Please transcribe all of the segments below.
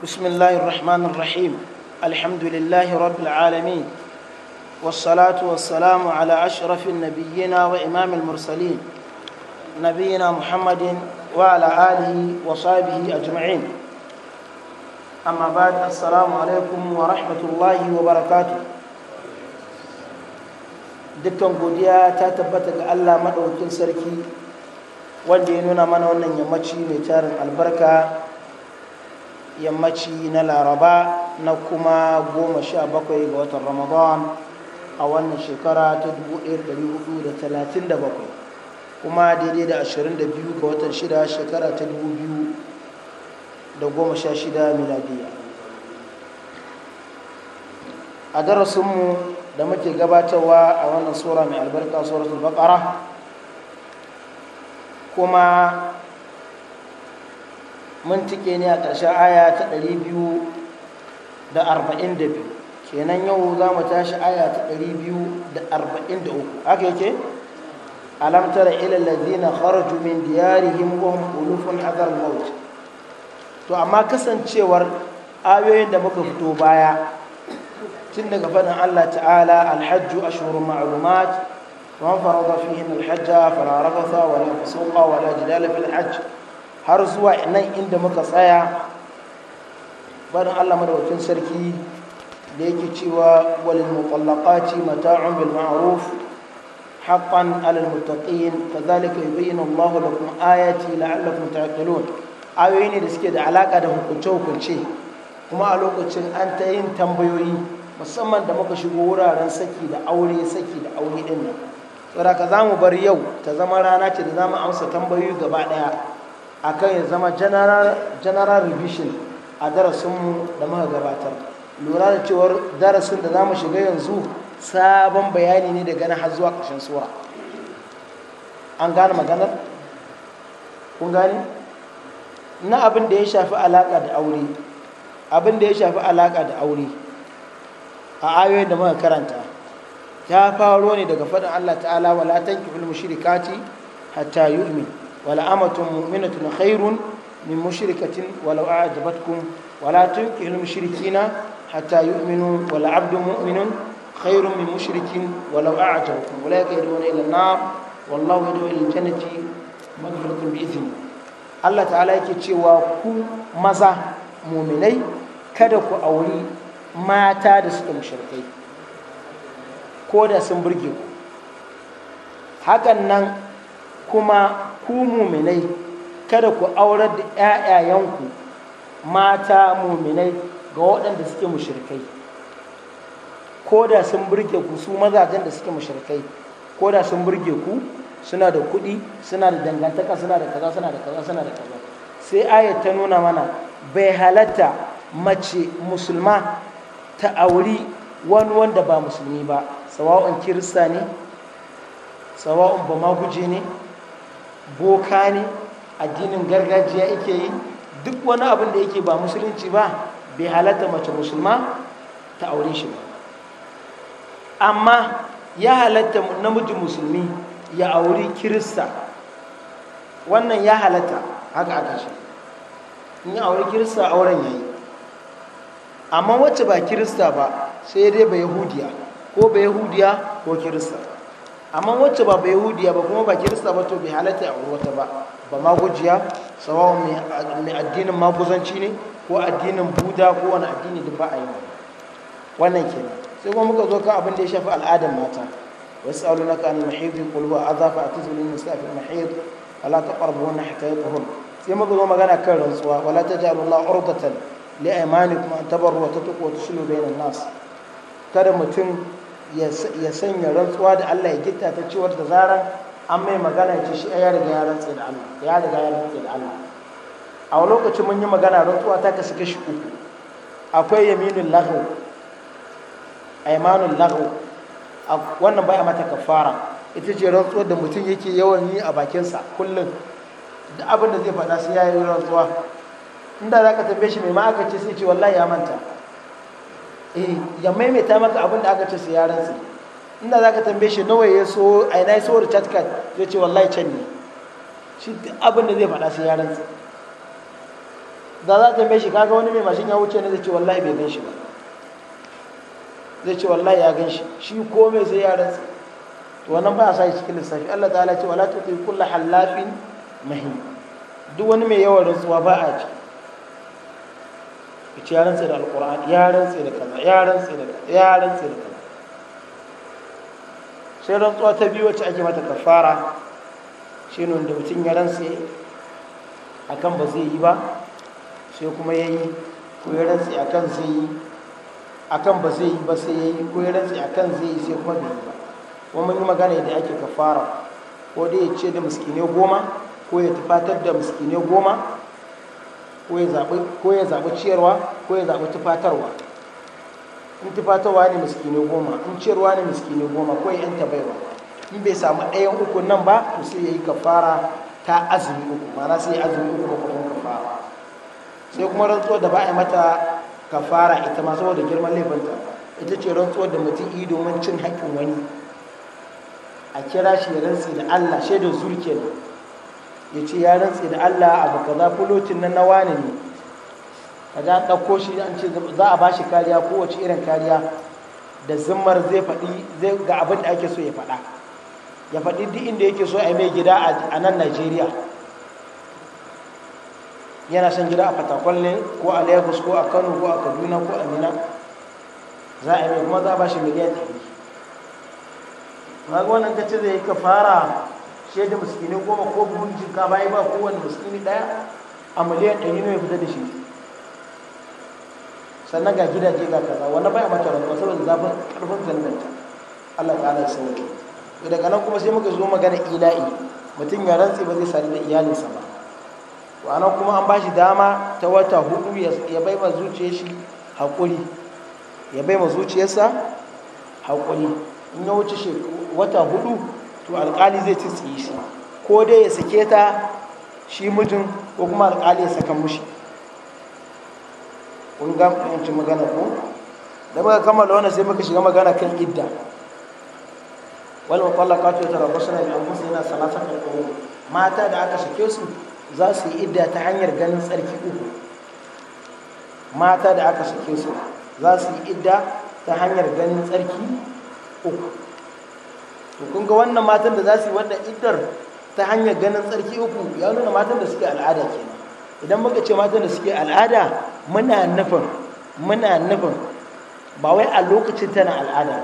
بسم الله الرحمن الرحيم الحمد لله رب العالمين والصلاة والسلام على أشرف النبيين وإمام المرسلين نبينا محمد وعلى آله وصحبه أجمعين أما بعد السلام عليكم ورحمة الله وبركاته dukkan godiya ta tabbata ga Allah maɗaukin sarki wanda ya nuna mana wannan yammaci mai tarin albarka yammaci na laraba na kuma goma sha bakwai ga watan ramadan a wannan shekara ta 1437 kuma daidai da 22 ga watan shida shekara ta 2016 miladiya a darasinmu da muke gabatarwa a wannan tsora mai albarka suratul baqara kuma mun cike ne a ƙarshe aya ta 242 kenan yau za mu tashi aya ta 243 haka yake alam tara na allazina kharaju diyarihim wa hum ulufun maut to amma kasancewar ayoyin da muka fito baya tun daga faɗin Allah ta'ala alhajju ashhurun ma'lumat ومن فرض فيهن الحج فلا رفث ولا wani ولا wani jidalafin alhajji har zuwa nan inda muka tsaya barin Allah madawacin sarki da yake cewa walil mutallaqati mata'un bil ma'ruf haqqan 'alal muttaqin kadhalika yubayyinu Allahu lakum ayati la'allakum ta'qilun ayoyi ne da suke da alaka da hukunce hukunce kuma a lokacin an ta yin tambayoyi musamman da muka shigo wuraren saki da aure saki da aure din nan saboda ka mu bar yau ta zama rana ce da za mu amsa tambayoyi gaba daya akan ya zama general revision a darasinmu da muka gabatar lura da cewar darasin da za mu shiga yanzu sabon bayani ne daga har zuwa ƙarshen sura an gane maganar kun gane na abin da ya shafi alaƙa da aure abin da ya shafi alaƙa da aure a ayoyin da muka karanta ya faro ne daga faɗin allah ta'ala wala tanki fil mushrikati hatta yu'min wala amatun mu'minatun khairun min mushrikatin walau a'jabatkum wala tunkihul mushrikina hatta yu'minu wala abdun mu'minun khairun min mushrikin walau a'jabakum ulaika yad'una ila an-nar wallahu yad'u ila al-jannati maghfiratun Allah ta'ala yake cewa ku maza mu'minai kada ku auri mata da suke mushrikai ko da sun burge ku hakan nan kuma ku muminai kada ku aurar da ‘ya'yayenku mata muminai ga waɗanda suke mushrikai ko da sun burge ku su mazajen da suke mushrikai ko da sun burge ku suna da kuɗi suna da dangantaka suna da kaza suna da kaza suna da kaza sai ayat ta nuna mana bai halatta mace musulma ta auri wani wanda ba musulmi ba sawa'un kirista ne sawa'un ba maguje ne boka ne addinin gargajiya yake yi duk wani abin da yake ba musulunci ba bai halatta mace musulma ta aure shi ba amma ya halatta namiji musulmi ya auri kirista wannan ya halatta haka aka shi in ya auri kirista auren ya yi amma wacce ba kirista ba sai dai ba yahudiya ko ba yahudiya ko kirista amma wacce ba bai hudiya ba kuma ba kirista ba to bai halatta a wata ba ba gujiya sawawun mai addinin maguzanci ne ko addinin buda ko wani addini duk ba a yi wannan kenan sai kuma muka zo kan abin da ya shafi al'adar mata wasu tsaunin na kanin mahaifi kulwa a zafa a tuzulin nisafi mahaifi ala ta ƙwarbu wannan sai muka zo magana kan rantsuwa wala ta ja'alu la urdatan li kuma an tabarru wa tatqu wa tuslu bainan nas kada mutum ya sanya rantsuwa da Allah ya gitta ta cewar da zarar an mai magana ce shi ya riga ya da Allah ya riga ya da Allah a wani lokacin mun yi magana rantsuwa ta kasu kashi uku akwai yaminin laghu aimanin laghu wannan baya mata kafara ita ce rantsuwar da mutum yake yawan yi a bakinsa kullum da abin da zai faɗa sai ya yi rantsuwa inda za ka tambaye shi mai ma aka ce sai ce wallahi ya manta Eh, ya maimaita maka abin da aka ce su yaran su inda za ka tambaye shi nawa ya so a ina ya so recharge card zai ce wallahi can ne shi abin da zai faɗa su yaran su da za ka tambaye shi kaga wani mai mashin ya wuce ne zai ce wallahi bai gan shi ba zai ce wallahi ya gan shi shi mai sai yaran su to wannan ba a sa cikin lissafi Allah ta'ala ce wala tuti kullu halafin mahin duk wani mai yawan rantsuwa ba a ciki yace ya rantse da alqur'ani ya rantse da kaza ya rantse da ya rantse da kaza sai rantsuwa ta biyu wacce ake mata kafara shine wanda mutum ya rantse akan ba zai yi ba sai kuma ya yi ko ya rantse akan zai yi akan ba zai yi ba sai ya yi ko ya rantse akan zai yi sai kuma bai yi ba kuma mun yi magana da ake kafara ko dai ya ce da muskine goma ko ya tufatar da muskine goma ko ya zaɓi ciyarwa ko ya zaɓi tufatarwa in tufatarwa ne miskinai goma in ciyarwa ne miskinai goma ko ya yanta baiwa in bai samu ɗayan uku nan ba to sai ya yi kafara ta azumi uku mana sai azumi uku ba kuma kafara sai kuma rantsuwar da ba a yi mata kafara ita ma saboda girman laifinta ita ce rantsuwar da mutum yi domin cin haƙƙin wani a kira shi ya rantsi da allah shaidar zurke kenan ya ce ya rantsi da Allah abu kaza fulocin nan na wani ne kaga an ɗauko shi an ce za a bashi kariya kowace irin kariya da zimmar zai faɗi ga abin da ake so ya faɗa ya faɗi duk inda yake so a mai gida a nan Najeriya yana son gida a fatakon ne ko a Lagos ko a Kano ko a Kaduna ko a Mina za a mai kuma za a bashi miliyan ɗari wannan ta ce zai ka fara shi da miskini goma ko buhun shinkafa bayi ba kowane muskini ɗaya a miliyan ɗari ne fita da shi sannan ga gidaje ga kaza wanda baya mata rantsuwa saboda zafin ƙarfin zandanta Allah sauri. sauki daga nan kuma sai muka zo magana ila'i mutum ya rantse ba zai sani da iyalinsa ba wa'ana kuma an ba shi dama ta wata hudu ya bai ma zuciyar shi haƙuri ya bai ma zuciyarsa haƙuri in ya wuce wata hudu to alƙali zai tsitsiye shi ko dai ya sake ta shi mutum ko kuma alƙali ya saka mushi kun ga yanci magana ko da muka kammala wannan sai muka shiga magana kan idda wal mutallaqatu yatarabbasna bi anfusihinna salasata qurun mata da aka sake su za su yi idda ta hanyar ganin tsarki uku mata da aka sake su za su yi idda ta hanyar ganin tsarki uku kun ga wannan matan da za su yi wannan idar ta hanyar ganin tsarki uku ya nuna matan da suke al'ada kenan idan muka ce matan da suke al'ada muna nufin muna nufin ba wai a lokacin tana al'ada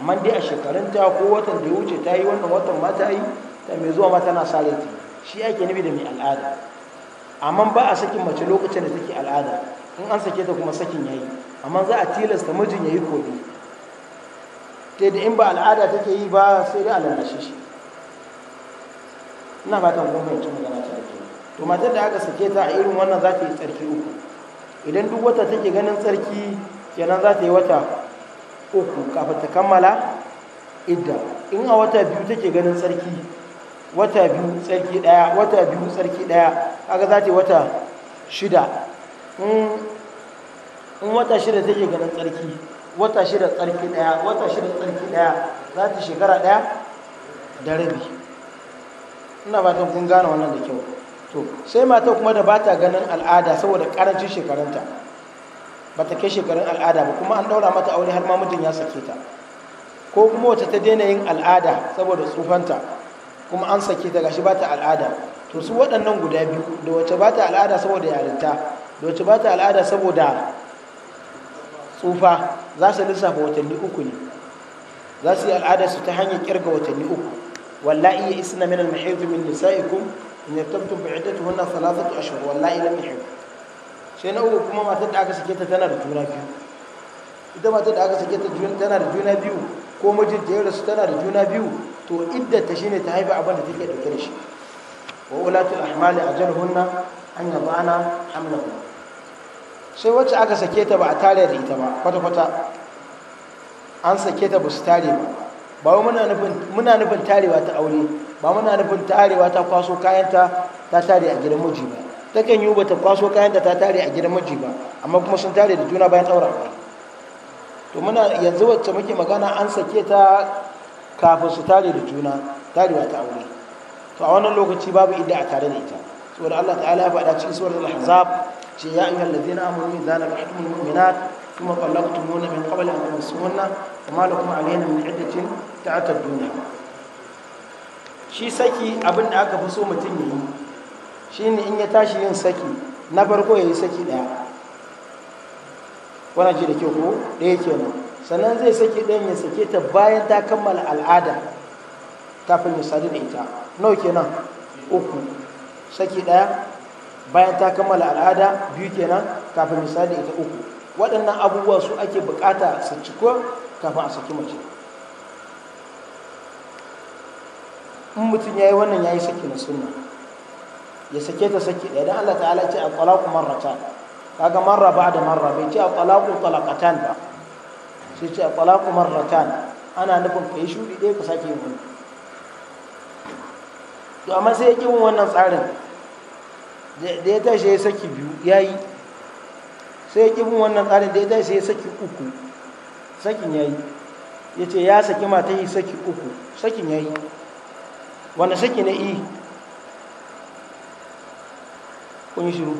amma dai a shekarun ta ko watan da ya wuce ta yi wannan watan ma ta yi ta mai zuwa ma tana salati shi ake nufi da mai al'ada amma ba a sakin mace lokacin da take al'ada in an sake ta kuma sakin yayi amma za a tilasta mijin yayi kodi ta da in ba al'ada take yi ba sai da alallashe shi ina fatan kun fahimci magana ta ake to matar da aka sake ta a irin wannan za ta yi tsarki uku idan duk wata take ganin tsarki kenan za ta yi wata uku kafin ta kammala idda in a wata biyu take ganin tsarki wata biyu tsarki daya wata biyu tsarki daya kaga za ta yi wata shida in wata shida take ganin tsarki wata shida tsarki daya wata shida tsarki daya za ta shekara daya da rabi ina fatan kun gane wannan da kyau to sai mata kuma da ba ta ganin al'ada saboda karancin shekarunta ba ta kai shekarun al'ada ba kuma an daura mata aure har ma mutum ya sake ta ko kuma wata ta daina yin al'ada saboda tsufanta kuma an sake ta gashi ba ta al'ada to su waɗannan guda biyu da wace ba ta al'ada saboda yarinta da wacce ba ta al'ada saboda tsufa za su lissafa watanni uku ne za su yi su ta hanyar kirga watanni uku wallahi ya isi min al-mahid min nisa'ikum in yartabtum bi iddatuhunna thalathatu ashhur wallahi lam yahid sai na uku kuma matar da aka sake ta tana da juna biyu ita matar da aka sake ta tana da juna biyu ko mijinta ya rasu tana da juna biyu to iddata shine ta haifa abin da take dauke da shi wa ulatul ahmali ajalhunna an yadana hamlahunna sai wacce aka sake ta ba a tare da ita ba kwata-kwata an sake ta ba su tare ba ba muna nufin tarewa ta aure ba muna nufin tarewa ta kwaso kayanta ta tare a gidan miji ba ta kan yi bata kwaso kayanta ta tare a gidan miji ba amma kuma sun tare da juna bayan ɗaura ba, to muna yanzu wacce muke magana an sake ta kafin su tare da juna tarewa ta aure to a wannan lokaci babu idda a tare da ita saboda Allah ta'ala ya faɗa cikin suwar al-ahzab ce ya ayyuhal ladina amanu idza nakahtumul mu'minat ثم طلقتموهن من قبل kuma تمسوهن وما لكم عليهن من عده duniya. shi saki abin da aka fi so mutum yi shi ne in ya tashi yin saki na farko ya yi saki ɗaya wana ce da ke ko ɗaya ke nan. sannan zai saki ɗayan ya sake ta bayan ta kammala al'ada kafin ya sadu da ita nau kenan uku saki ɗaya bayan ta kammala al'ada biyu kenan kafin misali ita uku waɗannan abubuwa su ake bukata su ciko kafin a saki mace in mutum ya yi wannan ya yi saki na sunna ya sake ta saki ɗaya don allah ta'ala ce a talaku marrata kaga marra ba da marra bai ce a talaku talakatan ba sai ce a talaku marrata ana nufin ka yi shuɗi ɗaya ka sake yi wani to amma sai ya ƙi wannan tsarin da ya tashi ya saki biyu ya yi sai ya ƙi wannan tsarin da ya tashi ya saki uku sakin ya yi ya ce ya saki mata yi saki uku sakin ya yi wanda saki na yi e? kun yi shiru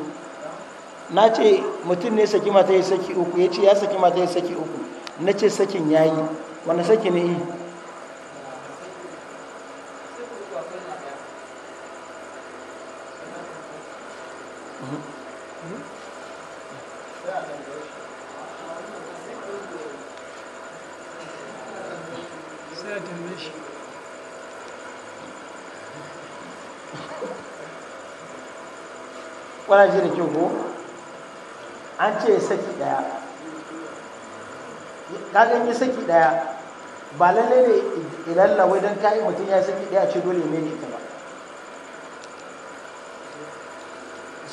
na ce mutum ne saki mata yi saki uku ya ce ya saki mata yi saki uku na ce sakin ya yi wanda saki na yi e? kwana ji da kyau ko an ce saki daya kagan yi saki daya ba lalle ne ilalla wai don kayi mutum ya saki daya ce dole ne ita ba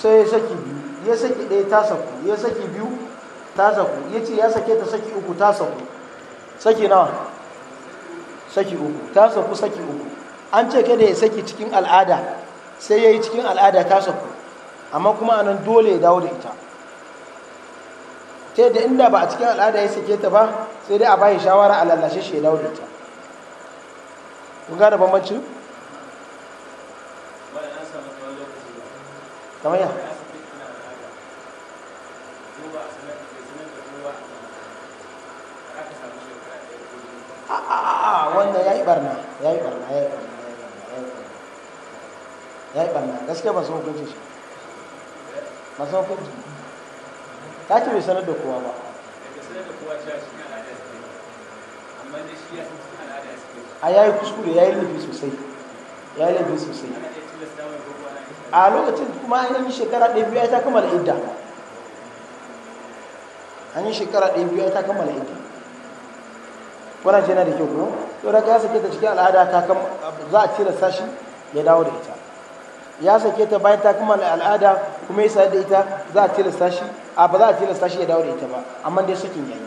sai ya saki biyu ya saki ɗaya ta saku ya saki biyu ta saku ya ce ya sake ta saki uku ta saku saki nawa saki uku ta saku saki uku an ce kada ya saki cikin al'ada sai ya yi cikin al'ada ta saku amma kuma anan dole ya dawo da ita ta yadda inda ba a cikin al'ada ya sake ta ba sai dai a bayi shawara a lallashe shi ya dawo da ita kun gane bambancin kamar ya a ah, ah, wannan ya yi barna ya yi barna ya yi barna ya yi barna gaske ba su hukunci shi ba su hukunci ta ce bai sanar da kowa ba a ya yi kuskure ya yi nufi sosai ya yi laifin sosai a lokacin kuma an yi shekara ɗaya biyu ta kama la'idda an yi shekara ɗaya biyu ta kammala la'idda wannan shi yana da kyau ko to da ka sake ta cikin al'ada ta kama za a cire sashi ya dawo da ita ya sake ta bayan ta kammala al'ada kuma ya sa da ita za a cire sashi a ba za a cire sashi ya dawo da ita ba amma dai sakin yayi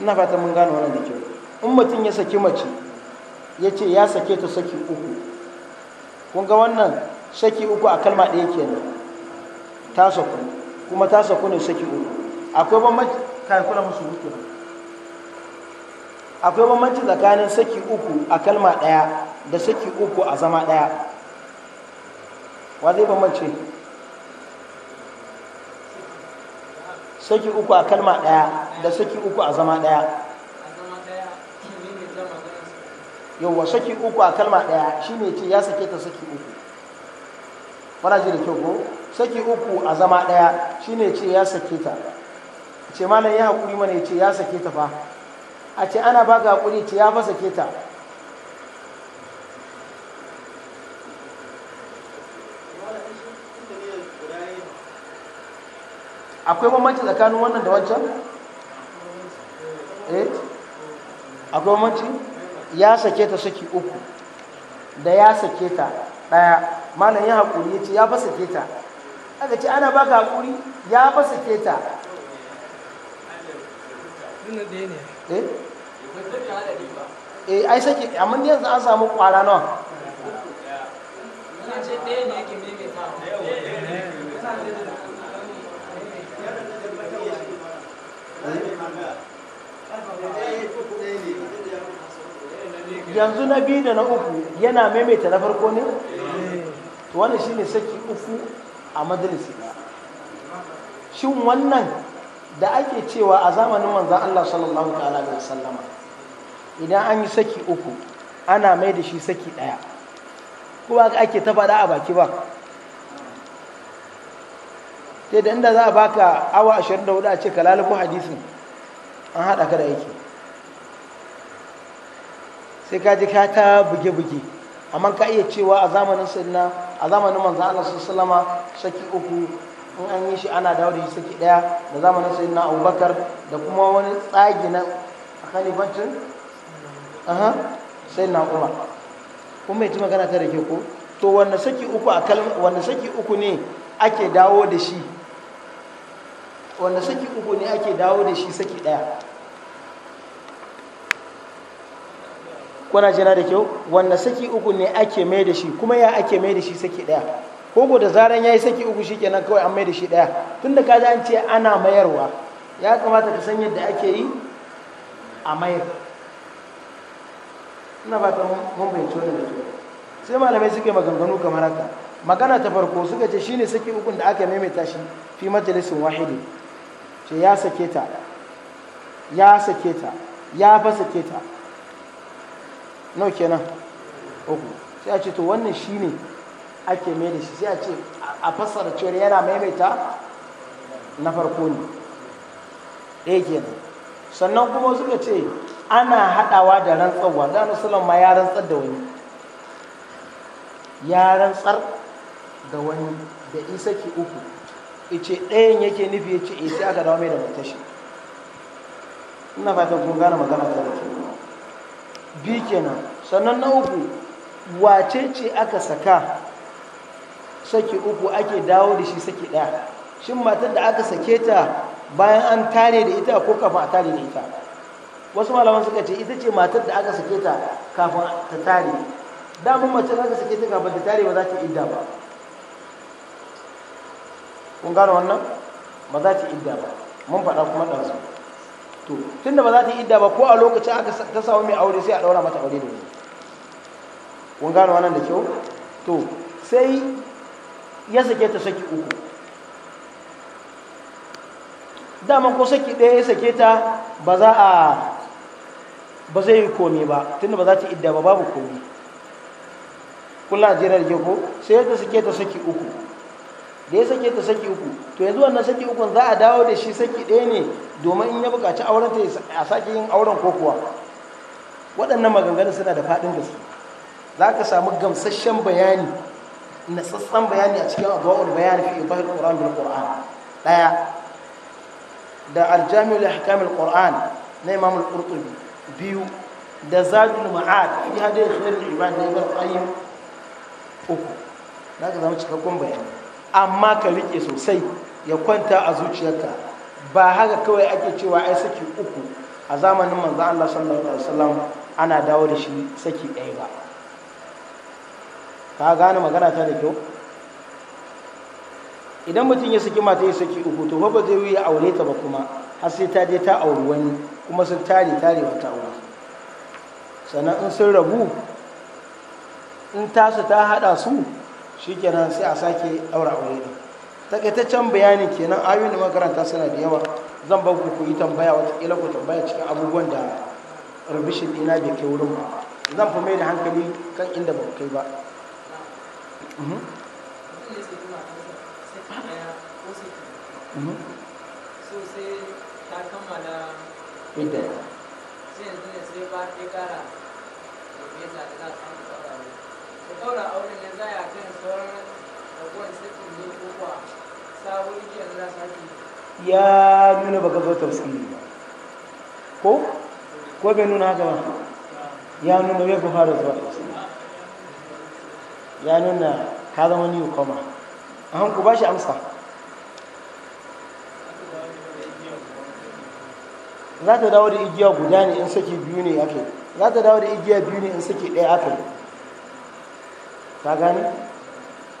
ina fata mun gane wannan da kyau in mutum ya saki mace ya ce ya sake ta saki uku kun ga wannan saki uku a kalma ɗaya kenan ta saku kuma ta saku ne saki uku akwai bambanci yi kula musu hutu akwai bambanci tsakanin saki uku a kalma ɗaya da saki uku a zama ɗaya wa zai bambance saki uku a kalma ɗaya da saki uku a zama ɗaya yawwa saki uku a kalma ɗaya shi ne ce ya sake ta saki uku wana ji da kyau ko saki uku a zama ɗaya shi ne ce ya sake ta ce malam ya haƙuri mana ya ce ya sake ta fa a ce ana ga haƙuri ce ya fa sake ta akwai bambanci tsakanin wannan da wancan? eh akwai bambanci? ya sake ta saki uku da ya sake ta ɗaya mana yin haƙuri ya ce ya fa sake ta aka ce ana baka haƙuri ya fa sake ta eh, eh ai sake amma yanzu an samu ƙwara nawa ne yanzu na biyu da na uku yana maimaita na farko ne to shi shine saki uku a majalisi shin wannan da ake cewa a zamanin manzan Allah sallallahu ta'ala sallama idan an yi saki uku ana mai da shi saki ɗaya kuma ake ta faɗa a baki ba ta da inda za a baka awa 24 a ce ka lalubu hadisin an haɗa ka da aiki sai ka ji ka ta buge-buge amma ka iya cewa a zamanin sinna a zamanin manzan Allah salama saki uku in an yi shi ana dawo da shi saki daya da zamanin sayyidina Abubakar da kuma wani tsagi na khalifancin aha na kuma kun mai magana ta da ke ko to wanda saki uku a kalma wanda saki uku ne ake dawo da shi wanda saki uku ne ake dawo da shi saki daya kuna jina da kyau wanda saki uku ne ake mai da shi kuma ya ake mai da shi saki ɗaya ko da zaran ya yi saki uku shi kenan kawai an mai da shi ɗaya tun da kaji an ce ana mayarwa ya kamata ka san yadda ake yi a mayar ina ba ta mun bayyance da kyau sai malamai suke maganganu kamar haka magana ta farko suka ce shine saki uku da aka maimaita shi fi majalisin wahidi ce ya sake ta ya sake ta ya fa sake ta no kenan uku sai a ce to wannan shi ne ake mai da shi sai a ce a fassara cewar yana maimaita na farko ne ɗaya eh kenan sannan kuma suka ce ana haɗawa da rantsarwa da anasalan ma ya rantsar da wani ya rantsar da wani da isa ke uku ice ɗayan yake nufi ya ce isa eh, aka dawa mai da matashi ina fatan kun gane magana ta da ke bi kenan sannan na uku wace ce aka saka saki uku ake dawo da shi saki ɗaya shin matar da aka sake ta bayan an tare da ita ko kafin a tare da ita wasu malaman suka ce ita ce matar da aka sake ta kafin ta tare damar da aka sake ta kafin ta tare ba za ta idda ba kun gano wannan ba za ta idda ba mun faɗa kuma ɗansu to tunda ba za ta yi idda ba ko a lokacin aka ta samu mai aure sai a daura mata aure da wani kun gano wannan da kyau to sai ya sake ta saki uku dama ko saki ɗaya ya sake ta ba za a ba zai yi komi ba tunda ba za ta idda ba babu komi kula jira da ko sai ya ta sake ta saki uku da ya sake ta saki uku to yanzu wannan saki ukun za a dawo da shi saki ɗaya ne domin in ya buƙaci auren ta a sake yin auren ko kuwa waɗannan maganganun suna da faɗin gaske za ka samu gamsasshen bayani natsatsen bayani a cikin adwa'ul bayani fi ibahil ƙoran bil ƙoran ɗaya da aljamiyar li ƙoran na imamul al biyu da zadul ma'ad fi hadith khairul ibad na ibn qayyim uku za ka zama cikakken bayani amma ka riƙe sosai ya kwanta a zuciyarta ba haka kawai ake cewa ai saki uku a zamanin manzan Allah sallallahu alaihi wasallam ana dawo da shi saki ɗaya ba ka gane magana ta da kyau idan mutum ya saki mata ya saki uku to ba zai yi aure ta ba kuma har sai ta je ta auri wani kuma sun tare tare wata aure sannan in sun rabu in tasu ta hada su shikenan sai a sake daura aure ne takaitaccen bayanin kenan ayoyin da makaranta suna da yawa zan ba ku ku yi tambaya wata kila ku tambaya cikin abubuwan da rubishin dina bai kai wurin ba zan fi mai da hankali kan inda ba kai ba idda sai yanzu ne sai ba ya kara da za a da ɗaura auren ne za su haƙi ya nuna baka zo ba ko ko bai nuna haka ba ya nuna bai fara zuwa wasu. ya nuna ka zama new koma a hanku ba shi amsa za ta dawo da igiya guda ne in saki biyu ne ake za ta dawo da igiya biyu ne in saki ɗaya ake ka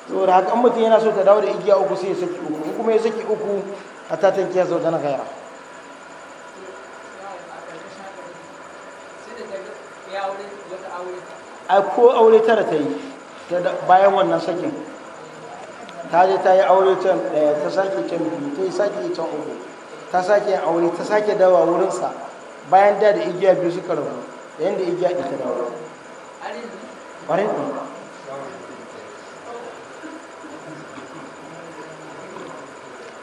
to da haka mutum yana so ta dawo da igiya uku sai ya saki uku kuma ya saki uku a tatan kiyar zauta na gaira a ko aure tara ta yi bayan wannan sakin ta je ta yi aure can daya eh, ta sake can biyu ta yi sake can uku ta sake aure ta sake dawa wurinsa bayan da da igiya biyu suka rabu da yadda igiya ita dawa dawo ɗin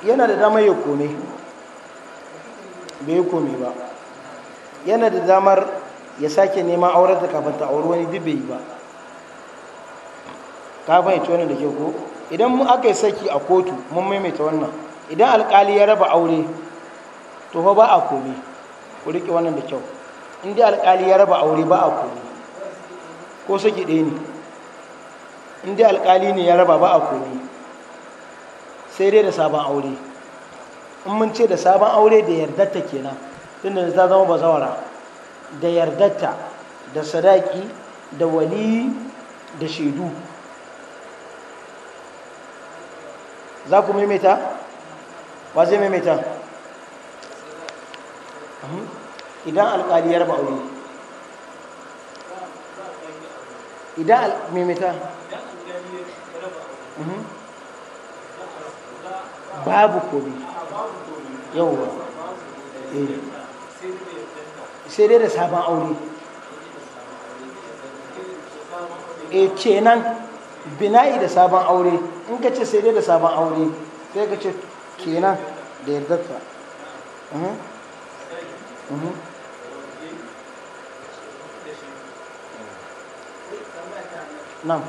yana da damar ya kome bai kome ba yana da damar ya sake neman auren da kafin ta auri wani duk ba ka ya wannan da ke ko idan mu aka yi saki a kotu mun maimaita wannan idan alkali ya raba aure to fa ba a kome ku riƙe wannan da kyau in dai alkali ya raba aure ba a kome ko saki ɗaya ne in dai alkali ne ya raba ba a kome sai dai da sabon aure in mun ce da sabon aure da yardarta kenan tunda ta zama bazawara da yardarta da sadaki da wali da shaidu za ku maimaita ba zai maimaita mhm. idan alkali ya raba aure idan maimaita idan alkali ya raba aure mhm. babu yau yawwa eh. sai dai da sabon aure e kenan bina'i da sabon aure in ka ce sai dai da sabon aure sai ka ce kenan da yardarta mhm. mhm. nan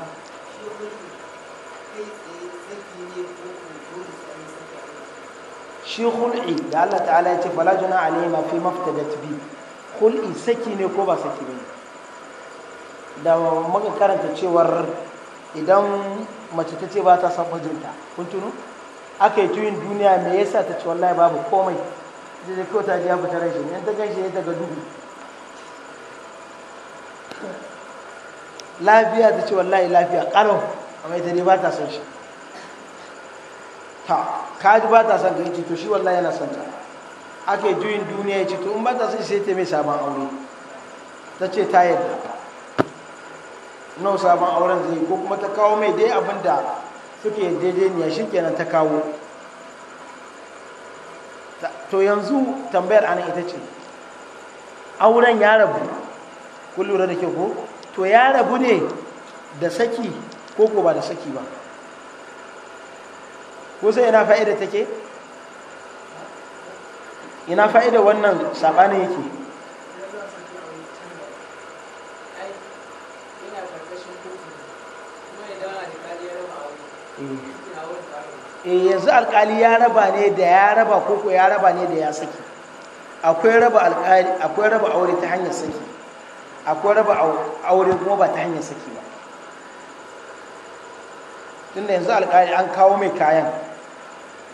shi hul'i da Allah ta'ala ya ce fala juna mafi mafita fi maftadat bi hul'i saki ne ko ba saki ne da muka karanta cewar idan mace ta ce ba ta san mijinta kun tuno aka yi tuyin duniya me yasa ta ce wallahi babu komai da da kyauta ji ya fita rashin yan ta gaishe daga dubu lafiya ta ce wallahi lafiya karo amma ita ne ba ta son shi ta kaji ba ta son ka yace to shi wallahi yana son ta ake juyin duniya ya to in ba ta son sai ta mai sabon aure ta ce ta yadda nau sabon auren zai ko kuma ta kawo mai dai abin da suke daidai shi kenan ta kawo to yanzu tambayar anan ita ce auren ya rabu kun lura da ke ko to ya rabu ne da saki ko ko ba da saki ba ko sai ina fa'ida take ina fa'ida wannan sabanin yake eh, eh, yanzu alkali ya raba ne da ya raba koko ya raba ne da ya saki akwai raba alkali akwai raba aure ta hanyar saki akwai raba aure kuma ba ta hanyar saki ba tunda yanzu alkali an kawo mai kayan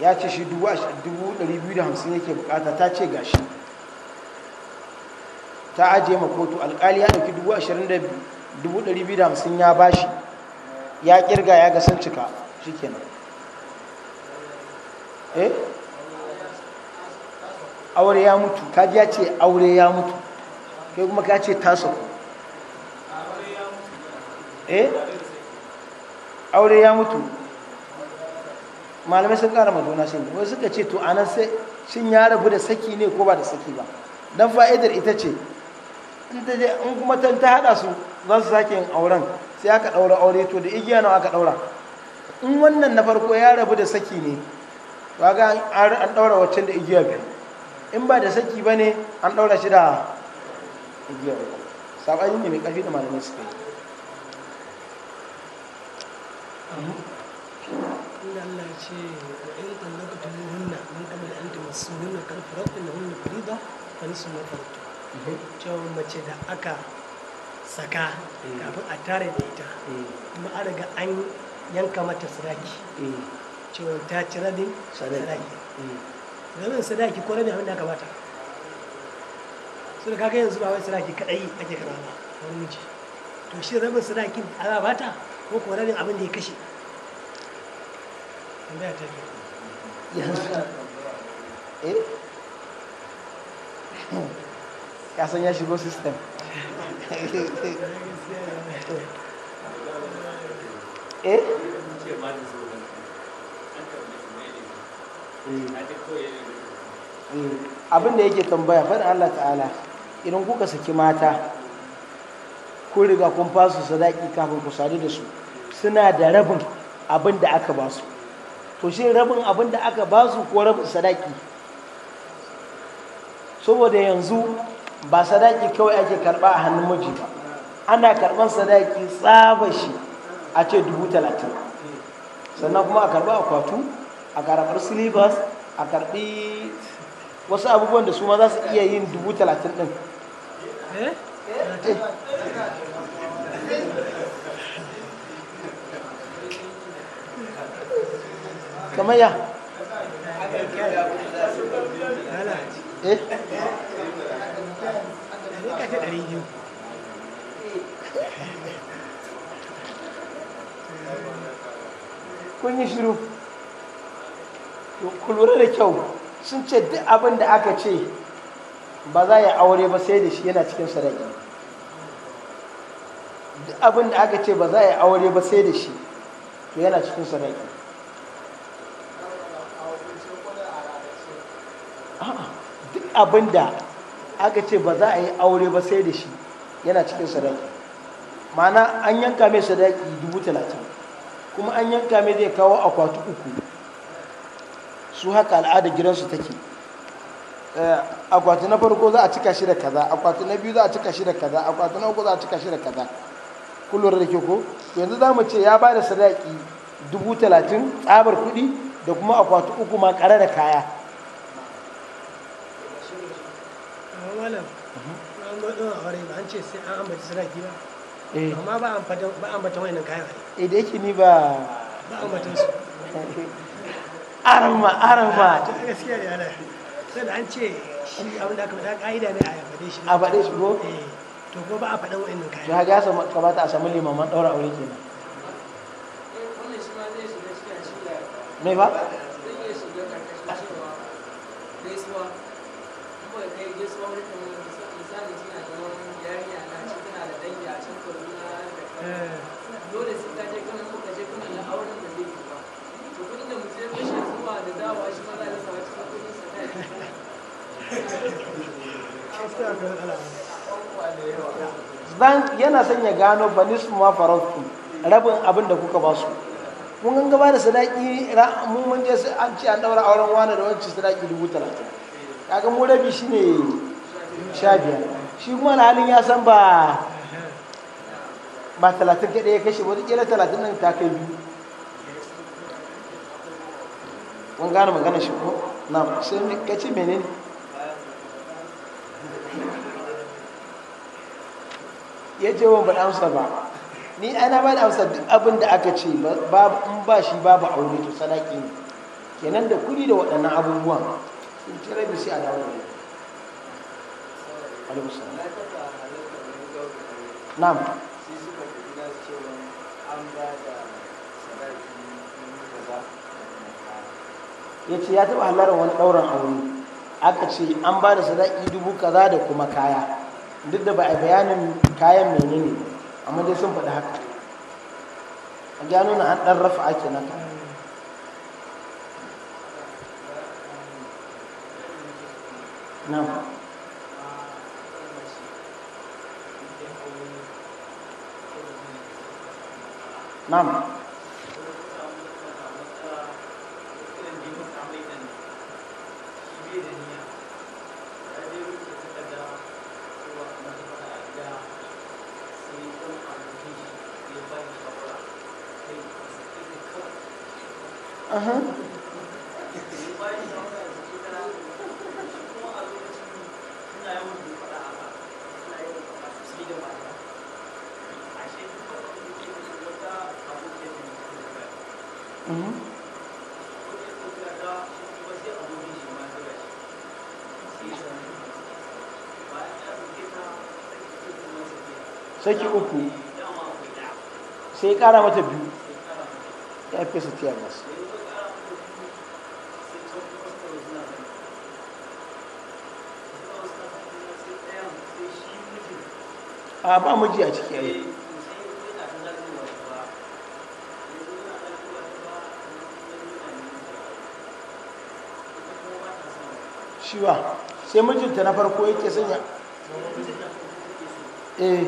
ya ce shi 250 yake bukata ta ce gashi ta ajiye makoto kotu alkali ya ɗauki 250 ya bashi ya kirga ya ga sun cika shi kenan eh aure ya mutu kaji ya ce aure ya mutu kai kuma ka ce tasa ku eh aure ya mutu malamai sun kara maduna shi ne wasu suka ce to a nan sai shin ya rabu da saki ne ko ba da saki ba dan fa'idar ita ce in kuma ta haɗa hada su za su sake yin auren sai aka daura aure to da igiya nawa aka daura in wannan na farko ya rabu da saki ne ga an daura waccan da igiya biyu in ba da saki ba ne an daura shi da igiya biyu sabani ne mai ƙarfi da malamai suka yi inda Allah ya ce wa in tallaqtum hunna min qabl an tamassuhunna kar farqna hunna farida fa nisfu ma farqtu mm-hmm. cewa mace da aka saka mm. kafin a tare da ita mm. kuma an riga an yanka mata sadaki mm. cewa ta ci rabin sadaki rabin sadaki ko rabin abinda aka bata su da kaga yanzu ba wai sadaki kadai ake karama wani miji to shi rabin sadakin ana bata ko ko rabin abin da ya kashe ya eh? san ya shigo sistema. Eh? eh abin da yake tambaya fara Allah ta'ala idan kuka saki mata ko riga kun fasu sadaki kafin ku sadu da su suna da rabin abin da aka ba su to shi rabin abin da aka ba su ko rabin sadaki saboda yanzu ba sadaki kawai ake karba a hannun miji ba ana karban sadaki tsaba shi a ce dubu talatin sannan kuma a karba akwatu a karabar silibas a karbi wasu abubuwan da su ma za su iya yin dubu talatin din eh? eh. kamar ya eh? kun yi shiru ku lura da kyau sun ce duk abin da aka ce ba za ya aure ba sai da shi yana cikin sadaki duk abin da aka ce ba za ya aure ba sai da shi to yana cikin sadaki abin da aka ce ba za a yi aure ba sai da shi yana cikin sadaki ma'ana an yanka mai sadaki dubu talatin kuma an yanka mai zai kawo akwati uku su haka al'ada gidansu take eh, akwati na farko za a cika shi da kaza akwati na biyu za a cika shi da kaza akwati na uku za a cika shi da kaza kullum da ke ko yanzu za mu ce ya ba da sadaki dubu talatin tsabar kudi da kuma akwati uku ma kare da kaya malam an zo ba an ce sai an eh. amma ba an bata wayannan kayan ai eh, da yake ni ba ba an bata su arama arama ah, to gaskiya ne sai an ce shi aka ka'ida ne a faɗe shi a faɗe shi ko eh, to ko ba a wayannan kayan to haka ya kamata a samu limaman aure kenan mai ba zan yana son ya gano banis ma farautu rabin abin da kuka ba su mun gan gaba da sadaki mun mun je an ci an daura auren wani da wancan sadaki dubu talatin kaga mu rabi ne sha biyar shi kuma halin ya san ba ba talatin kaɗai ya kashe wani ƙila talatin nan ta kai biyu mun gane magana shi ko na sai ka ce menene ya ce wa bada amsa ba ni ana ba da amsa duk abin da aka ce in ba shi babu aure to sadaki ne kenan da kudi da waɗannan abubuwan in ci rabi sai a dawo da na'am ya ce ya taɓa halarar wani ɗaurin aure aka ce an ba da sadaki dubu kaza da kuma kaya duk da ba a bayanin kayan menene amma dai sun faɗi haka a gano na an ɗan rafa ake na na Na'am. saki uku sai kara mata biyu ya fi su tiyar masu a ba miji a ciki yayi shiwa sai mijinta na farko yake sanya eh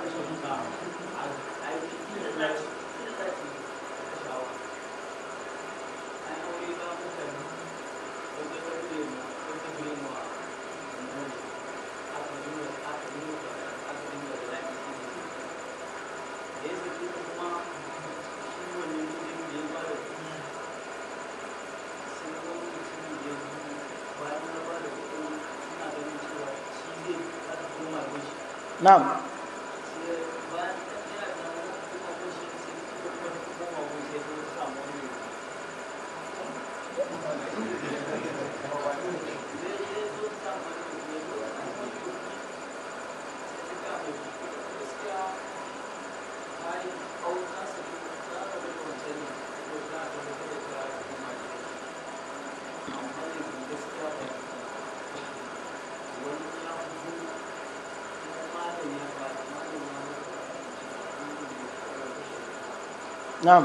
Naam. نعم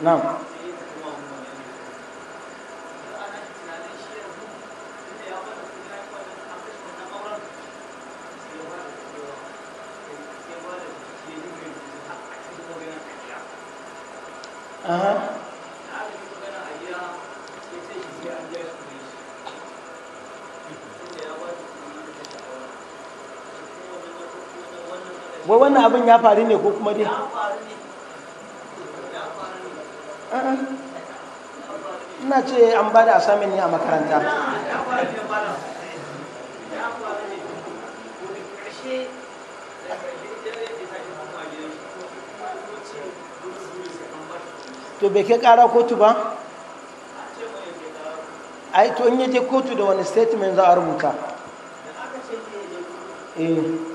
نعم ya faru ne ko kuma dai ina ce an ba da asamin ne a makaranta to bai kai kara kotu ba ai to in te kotu da wani statement za a rubuta eh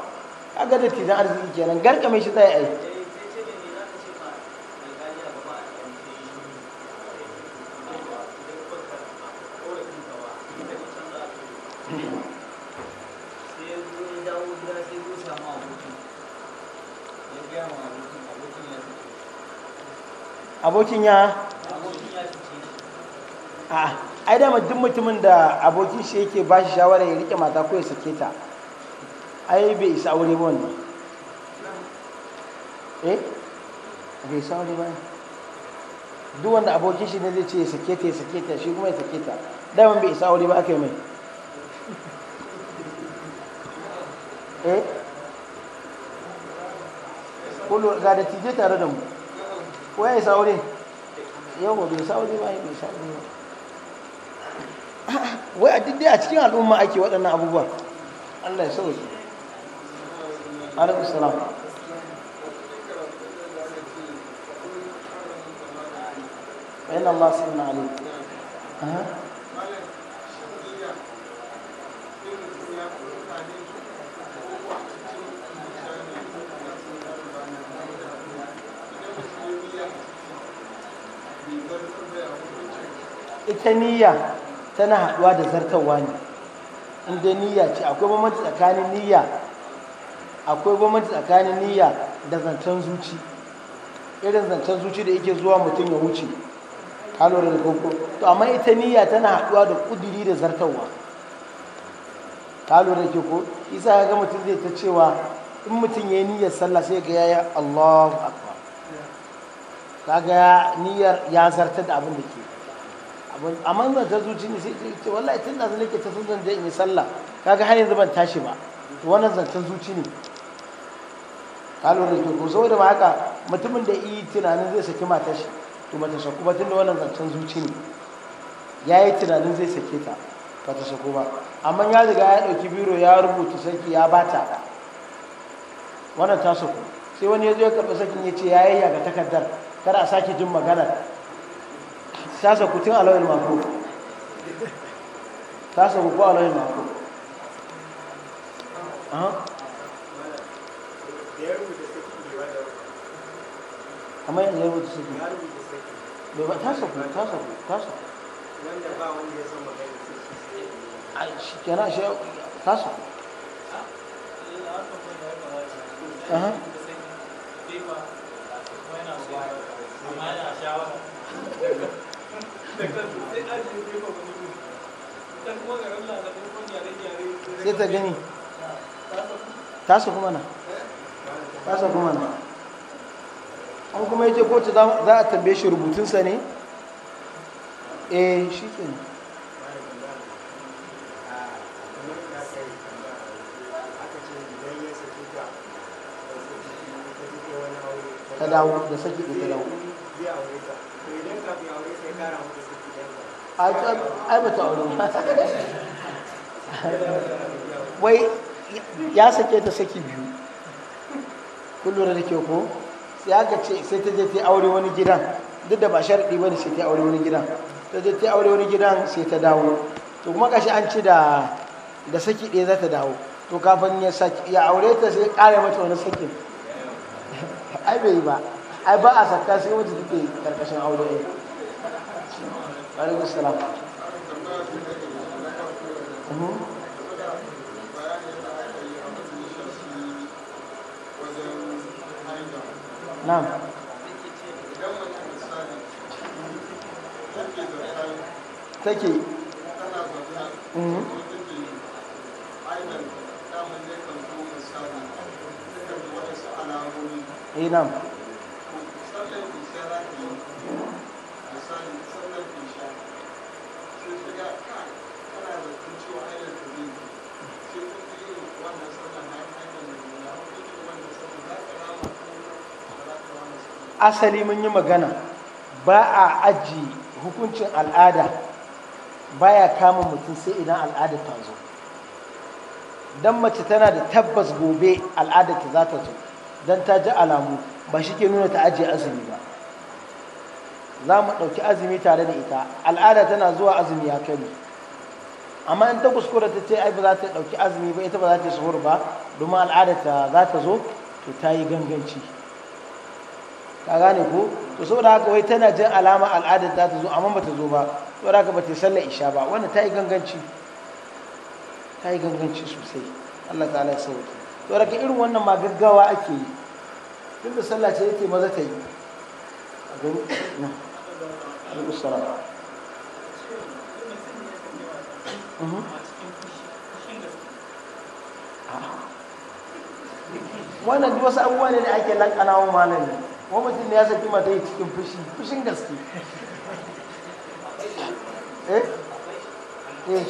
kaga da tijan arziki kenan garkame shi tsaye ai abokin ya a ai dama duk mutumin da abokin shi yake ba shi shawara ya rike mata ko ya sake ta ai bai isa wuri ba wannan eh bai isa wuri ba duk wanda abokin shi ne zai ce sake ta sake ta shi kuma ya sake ta daman bai isa wuri ba aka yi mai eh kullu ga da tije tare da mu ko ya isa aure yau bai isa wuri ba bai isa wuri ba wai a duk dai a cikin al'umma ake waɗannan abubuwan Allah ya sauke ita niyya tana haɗuwa da zartarwa ne inda niyya ce akwai bambanci tsakanin niyya akwai gwamnati tsakanin niyya da zancen zuci irin zancen zuci da yake zuwa mutum ya wuce kalori da koko to amma ita niyya tana haɗuwa da kudiri da zartarwa kalori da ke ko isa ga mutum zai ta cewa in mutum ya yi niyyar sallah sai ga yaya allahu akbar kaga niyyar ya zartar da abin da ke amma zancen zuci ne sai ce wallahi tun da ke ta sun zan je in yi sallah kaga har yanzu ban tashi ba wannan zantan zuci ne ka lura da ko saboda ba haka mutumin da yi tunanin zai saki matar shi to ba ta saku ba tunda wannan zancen zuci ne ya yi tunanin zai sake ta ba ta sako ba amma ya riga ya ɗauki biro ya rubuta saki ya bata wannan ta sako sai wani ya zo ya karɓi sakin ya ce ya yi yaga takardar kada a sake jin maganar ta sako tun alawar mako ta sako ko alawar mako amma yanzu ya rubuta saki bai ba ta saku ta saku ta saku yadda ba wanda ya san magana sai shi sai shi kenan shi ta saku ah, eh, aha sai ta gani ah, ta saku mana eh? ta saku mana an kuma yake kotu za a tambaye shi rubutunsa ne eh shi ke ta dawo da saki da ta dawo ai ba ta aure wai ya sake ta saki biyu kullum da ke ko sai aka ce sai ta je ta aure wani gidan duk da ba sharɗi ba ne sai ta aure wani gidan ta je ta aure wani gidan sai ta dawo to kuma kashi an ci da da saki ɗaya za ta dawo to kafin ya saki ya aure ta sai ƙara mata wani sakin ai bai yi ba ai ba a saka sai wata take karkashin aure ne. alaikum salam mhm. na'am take mm-hmm. eh misali ta ga asali mun yi magana ba a aji hukuncin al'ada ba ya kama mutum sai idan al'ada ta zo don mace tana da tabbas gobe al'ada ta za ta zo don ta ji alamu ba shi ke nuna ta ajiye azumi ba za mu ɗauki azumi tare da ita al'ada tana zuwa azumi ya kai amma in ta kuskura ta ce ai ba za ta ɗauki azumi ba ita ba za ta yi suhur ba domin al'ada ta za ta zo to ta yi ganganci ka gane ku to saboda haka wai tana jin alama al'adar ta zo amma ba ta zo ba saboda haka ba ta sallar isha ba wanda ta yi ganganci ta yi ganganci sosai Allah ta'ala ya sauke to daga irin wannan ma gaggawa ake yi tun da sallah ce yake maza ta yi a gani na al'usara salam mhm. wannan duk wasu abubuwa ne da ake lankana wa malami wani mutum ne ya saki mata yi cikin fushi fushin gaske eh eh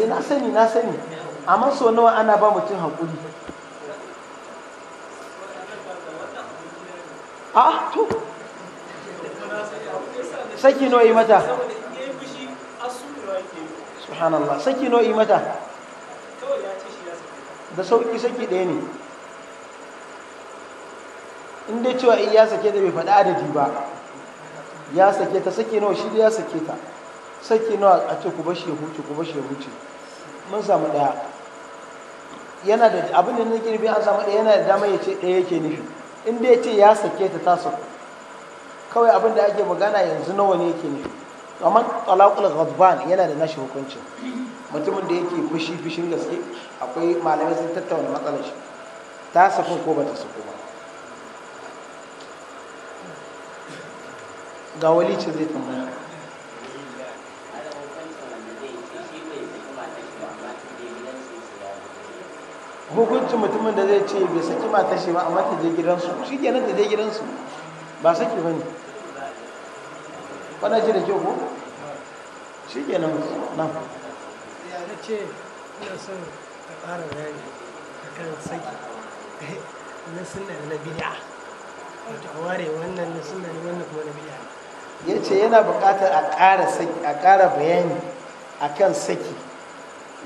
eh na sani na sani amma so nawa ana ba mutum haƙuri a to saki nawa yi mata subhanallah saki nawa yi mata da sauƙi saki ɗaya ne in dai cewa in ya sake ta bai faɗi adadi ba ya sake ta sake nawa shi da ya sake ta sake nawa a ce ku bashi ya huce ku bashi ya huce mun samu ɗaya yana da abin da na girbi an samu ɗaya yana da dama ya ce ɗaya yake nufi in dai ya ce ya sake ta taso kawai abin da ake magana yanzu nawa ne yake nufi amma talakul ghadban yana da nashi hukuncin mutumin da yake fushi fushin gaske akwai malamai sun tattauna matsalar shi ta sako ko ba ta sako ba ga wali ce zai tambaya hukuncin mutumin da zai ce bai saki mata shi ba amma ta je gidansu shi nan ta je gidansu ba saki ba ne faɗa ce da kyau ko shi kenan nan ya na ce ina son ka ƙara a kan saki na sunna na bid'a ya ce yana buƙatar a ƙara bayani a kan saki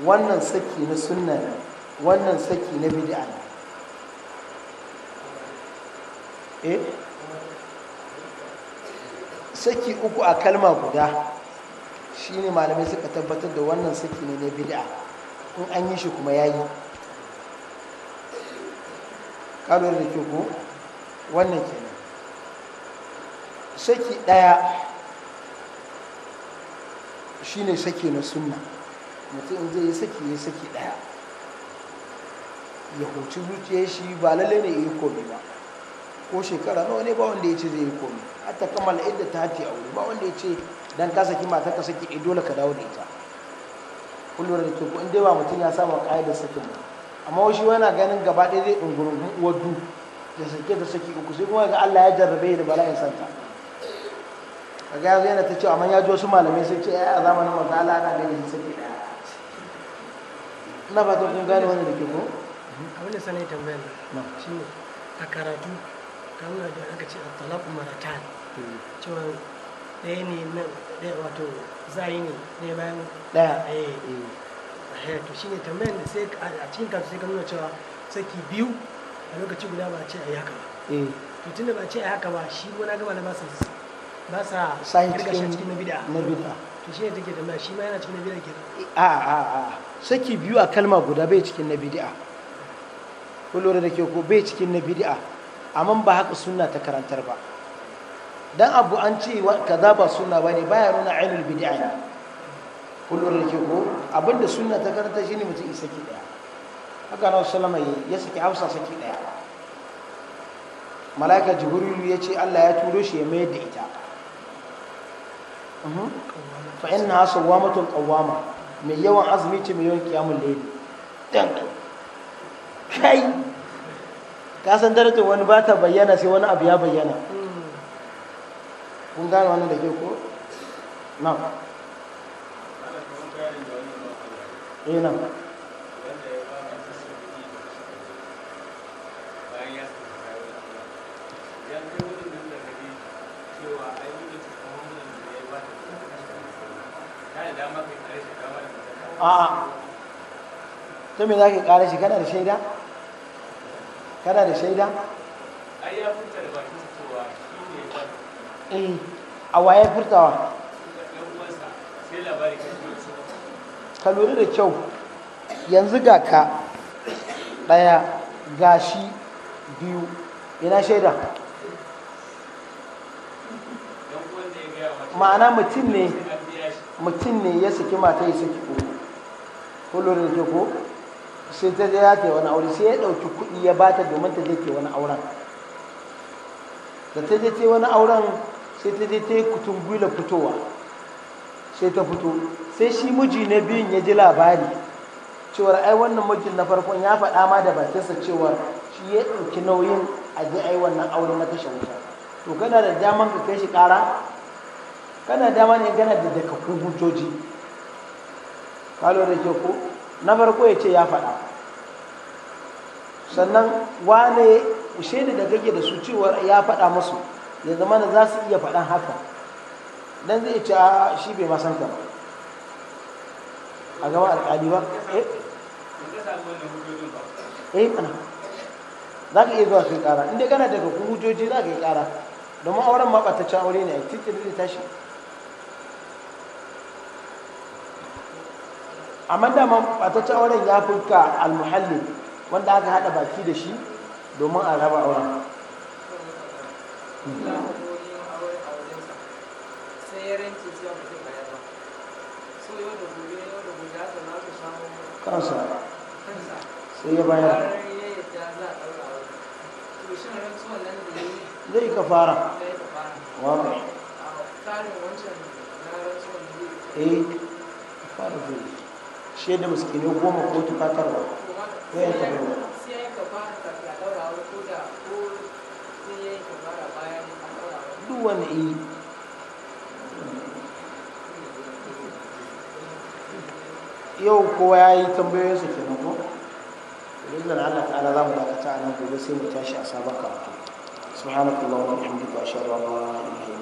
wannan saki na sunna wannan saki na bid'a ne eh saki uku a kalma guda shi ne malamai suka tabbatar da wannan saki ne na bid'a in an yi shi kuma yayi kalmar da ke ku. wannan kenan saki ɗaya shine saki na sunna mutum zai yi saki ya saki ɗaya ya huci zuciya shi ba lalle ne ya yi komi ba ko shekara nawa ne ba wanda ya ce zai yi komi hatta kammala inda ta hati a wuri ba wanda ya ce dan ka saki mata ka saki ɗaya dole ka dawo da ita kullum da ke inda dai ba mutum ya saba ƙa'idar sakin ba amma shi wani ganin gaba ɗaya zai ɗungurungun wadu ya sake ta saki uku sai kuma ga Allah ya jarrabe da bala'in santa a ga yanzu yana ta ce amma ya ji wasu malamai sai ce a zamanin manzo Allah ana da yin saki daya na fata kun gane wani da ke ko abin da sanai tambayar na shi ne a karatu kan da aka ce a talaq maratan hmm. cewa ɗaya ne na ɗaya wato zai ne ɗaya bayan ɗaya eh, hmm. eh to ne tambayar da sai a cikin karatu sai ka nuna cewa saki biyu a lokaci guda ba a ce a yi haka ba eh. to tun da ba a ce a yi haka ba shi gona gaba na ba sa ba sa cikin na bida na bida to shi ne take da shi ma yana cikin na bida ke a a a saki biyu a kalma guda bai cikin na bida ko lura da ke ko bai cikin na bida amma ba haka sunna ta karantar ba dan abu an ce kaza ba sunna bane baya nuna ainul bid'a ne kullum da ke ko abinda sunna ta karanta shine mutum isa ki daya haka na yi ya saki hausa saki daya malaka jibrilu ya ce Allah ya turo shi ya mayar da ita mhm. fa wa sawwamatun kawama mai yawan azumi ce mai yawan kiyamun layli dan kai ka san darajar wani ba ta bayyana sai wani abu ya bayyana kun gane wannan da ke ko na ina eh, bayan da a'a ta me za ka kare shi kana da shaida kana da shaida ai ya furta da bakin cewa shi ne ba. Eh. a waye furtawa ka lura da kyau yanzu ga ka ɗaya ga shi biyu ina shaida ma'ana mutum ne mutum ne ya saki mata ya saki ko kullum da ke ko sai ta je ta yi wani aure sai ya ɗauki kuɗi ya bata domin ta je ke wani auren da ta je ta wani auren sai ta je ta yi kutun gwila fitowa sai ta fito sai shi miji na biyun ya ji labari cewar ai wannan mijin na farkon ya faɗa ma da bakinsa cewar shi ya ɗauki nauyin a je a wannan aure na kashe wuta to kana da daman ka kai shi ƙara kana dama ne gana da daga hujjoji ka da ke ko na farko ya ce ya faɗa sannan wane shaida da kake da su cewar ya faɗa musu ya zama da za su iya faɗan haka dan zai ce a shi bai masan ka a gaba alƙali ba eh eh mana za ka iya zuwa kai kara inda kana daga hujjoji za ka yi kara domin auren maɓataccen aure ne a titi da tashi amma dama ɓataccen auren ya fi ka almuhalli wanda aka hada baki da shi domin a raba auren kansa sai ya bayar zai kafara wani eh kafara zai shi da muskini goma ko tukatarwa ko yan tabarwa duk wani yi yau kowa ya yi izinin Allah ta'ala za mu dakata a nan gobe sai mu tashi a sabon karatu subhanakallahu wa bihamdika ashhadu an la ilaha illa